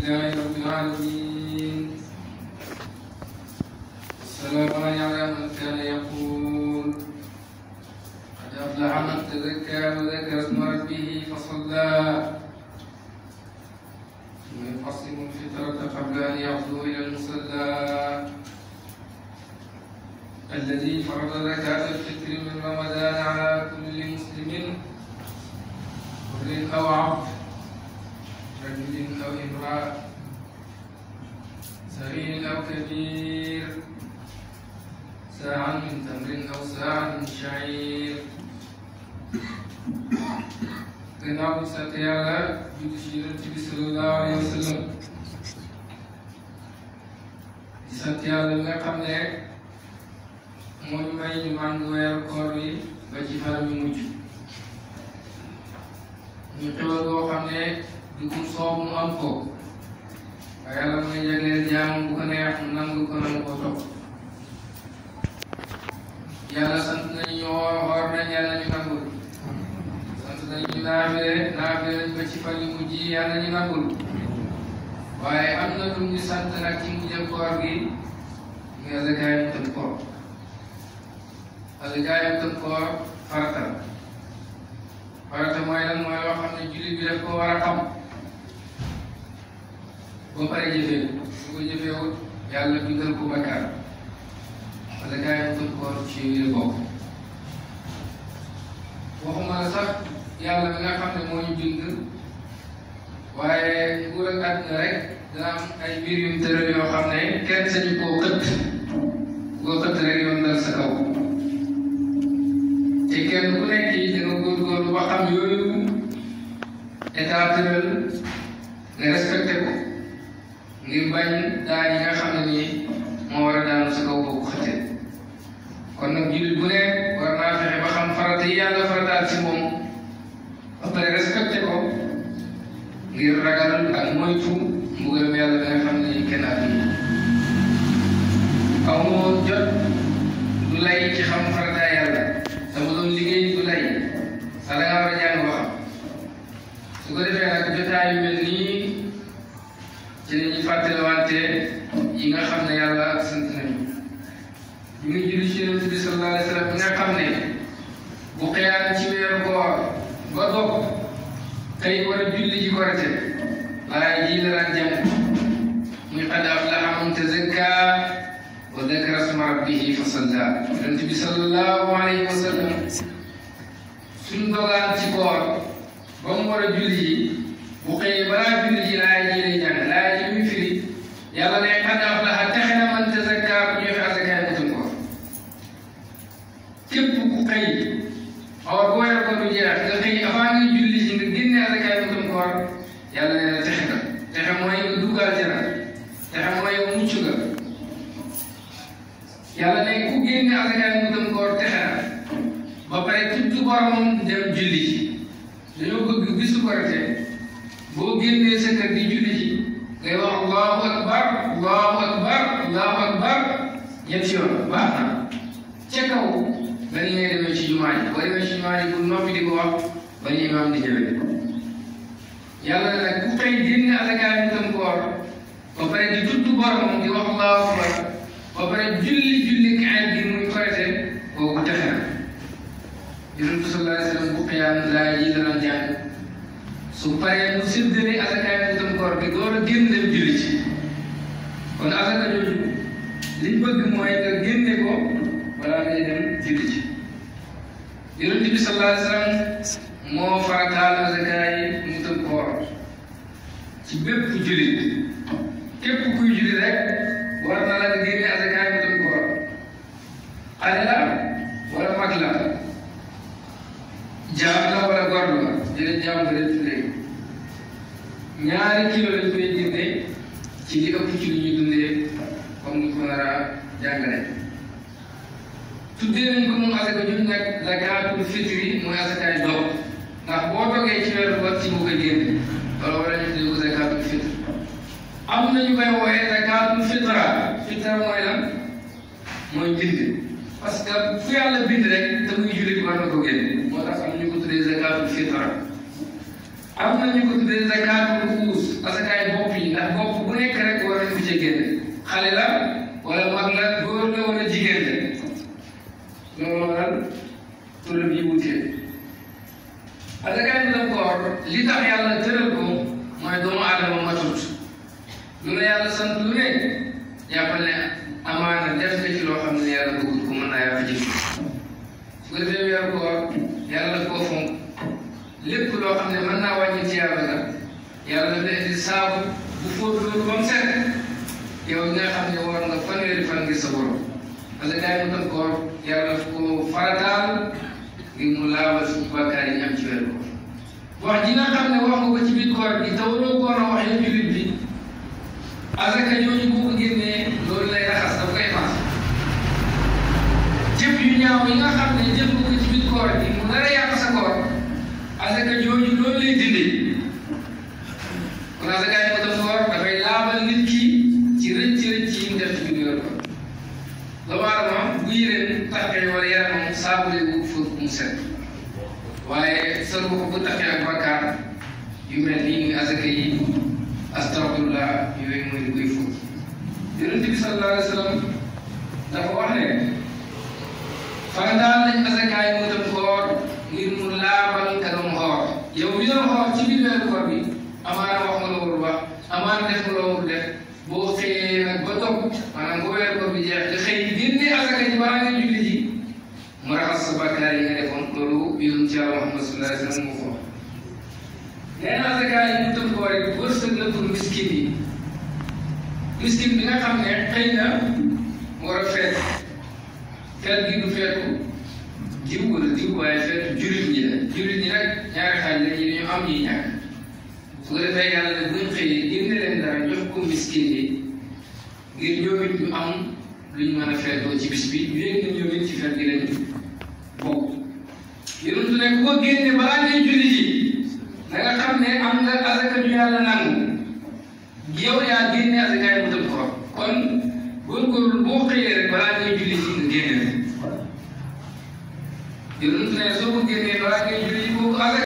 لله رب العالمين السلام على من كان يقول قد أفلح من تزكى وذكر اسم ربه فصلى ثم يقسم الفطرة قبل أن يغدو إلى المصلى الذي فرض زكاة الفطر من على كل مسلم حر أو عبد رجل أو امرأة صغير أو كبير ساعة من تمر أو ساعة من شعير تناول على جد شيرة صلى الله عليه وسلم sant yàlla bi nga xam ne mooy may ñu màng weeru koor bi ba du ko soob mu am ko waaye yàlla mooy jagleel jaam bu ko neex mu nangu ko nangu ko topp yàlla sant nañu ñu xoor nañ yàlla ñu nangul sant nañu ñu naafee naafee nañ ba ci fan yu mujj yi yàlla ñu nangul waaye am na lu ñu sant nag ci mujjal koor gi nga zakaayam tëb koor zakaayam tëb koor farata farata mooy lan mooy loo xam ne jullit bi daf ko war a ba pare jëfee su ko jëfeewul yàlla bindal ko bakkaar wala gars yi tënk ko ci yooyu bokk waxuma la sax yàlla bi nga xam ne moo ñu bind waaye nguur ak àdduna rek dana am ay mbir yu tëral yoo xam ne kenn sañu koo xëtt koo xëtt rek yoon dal sa kaw te kenn ku nekk yi da nga góorgóorlu ba xam yooyu état tëral nga respecté ko ngir bañ daan yi xam ne nii war a daanu sa kaw boo ko kon nag jullit bu ne war naa fexe ba xam farata yi yàlla farataal ci moom ba pare respecté ko ngir ragal ak moytu mbugalam yàlla da nga xam ne kenn ak nii aw moo jot du ci xam farata yàlla dama doon liggéey du lay sax da ngaa war a jàng ba xam su ko defee nag jotaay yu mel nii fàttalewante yi nga xam ne yàlla sant nañu ñu ngi julli ci yonent bi sallallahu alayhi wa sallam nga xam ne bu xëyaan ci weeru koor ba dog tey war a julli ji korite waaye jii la daan jàng muy fa salla yonent bi sallallahu alayhi wa sallam suñ dogaan ci koor ba mu war a julli ji bu xëyee balaa julli ji laay ji garjana tahamoye muccuga yàlla ne ku génne asakaay mu dem koor texe na ba pare tudd boromam dem julli ci dañoo bëgg bisu korite boo génnee sa kër di julli ci ngay wax allahu akbar allahu akbar allahu akbar ñetti yoon baax na ca kaw lan ngay demee ci jumaa ji boo demee ci jumaa ji bu noppi di ko wax ba ñu imaam di jëlee yàlla tey génne asakaay mu tam koor ba pare di tudd boromam di wax allahu akbar ba pare julli julli kaay bi muy korite kooku texe na yonent sallallahu alayhi wasallam bu xiyaam laay ji dana jàng su paree mu séddale asakaay mu tam koor bi door a génn dem julli ci kon asaka jooju liñ bëgg mooy nga génne ko balaa ngay dem julli ci yonent bi sallallahu alayhi wasallam moo farataal asakaay वे पुजली ते पुकुजली जाय वरात नाला दिले आता काय म्हणतो कोरा आलेला वरा मागला जामला वरा गोरला दिले जाम घरी तुले ñaari kilo lañ koy jëndee ci li ëpp ci li ñuy dundee comme ni ko nar a jàngale tuddee nañ ko moom asaka jun nag zakaatul fitri mooy asakaay dox ndax boo toogee ci weeru wat ci mu ko génne loolu wala am na ñu koy wooyee zakaatul fitra fitra mooy lan mooy bind parce que fu yàlla bind rek te muy jullit war na ko génne moo tax am na ñu ko tuddee zakaatul fitra am na ñu ko tuddee zakaatul ruus asakaay bopp yi ndax bopp bu nekk rek war nañ ko cee génne xale la wala mag la góor la wala jigéen la loolu waral turam yi wutee asakaay bi la koor li tax yàlla tëral ko mooy doomu aadama matut lu la yàlla sant lu ne jàppal ne amaana def nga ci loo xam ne yàlla bëggul ko mën naa yàlla jëf bu ko defee weeru koor yàlla koo fonk lépp loo xam ne mën naa wàññi ci yàlla la yàlla daf lay indi bu fóot loolu ba mu set yow nga xam ne war nga fanweeri fan ngir sa borom parce que daay mu tam mu laabal suñu am ci weeru koor wax ji ne wax nga ko ci biir koor bi te waroo koor a wax yëpp ci bi asaka ñooñu boo ko génnee loolu lay raxas daf koy maas jëf yu ñaaw yi nga xam ne jëf ko ci biir koor bi mu nar a yàq sa koor asaka jooju loolu lay dindi kon asakaay ko def koor dafay laabal nit ki ci rëcc rëcc yi mu def ci biir koor la maanaam bu yéreen taqee wala yaramam saabulee ko fóot mu set waaye sa ruux bu taqee ak bakkaar yu mel nii muy asaka yi astafurlah yooyu mooy yonent bi sallallahu alayhi wa sallam dafa wax ne farataal lañ asakaay mu dem koor ngir mu laabal kanam xoor yow mi doon xoor ci biir weeru koor bi amaana wax nga la wax amaana def nga la warul def boo xëyee nag ba boo weeru koor bi jeex nga xëy génne asaka ji balaa nga julli ji mu raxas sa bakkaar yi nga defoon loolu yonent ci Yàlla Muhammad sallallahu alayhi wa sallam moo ko wax nee na miskin bi nga xam ne xëy na mu war a feet feet gi du feetu jiw wala jiw waaye feetu jullit ñi la jullit ñi nag ñaari xaaj la ñu am ñuy ñàkk su ko defee yàlla nag buñ xëyee génne leen dara jox ko miskin yi ngir ñoom it ñu am lu ñu mën a feetoo ci bis bi ñu yëg na ñoom it ci feet gi lañ bokk yéen su nekk ko génne balaa ngay julli ji da nga xam ne am nga asaka ju yàlla nangu Yawya génne asakaay mu dem xorom kon góorgóorlu boo xëyee rek balaa ngay julli ci nga génne rek yow ne soo ko génnee balaa ngay julli boobu